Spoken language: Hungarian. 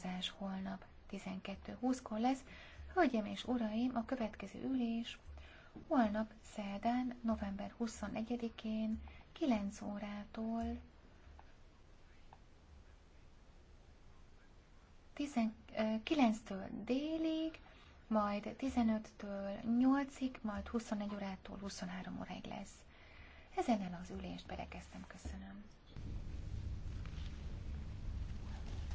szavazás holnap 12.20-kor lesz. Hölgyeim és uraim, a következő ülés holnap szerdán, november 21-én 9 órától 9-től délig, majd 15-től 8-ig, majd 21 órától 23 óráig lesz. Ezen el az ülést berekeztem, köszönöm.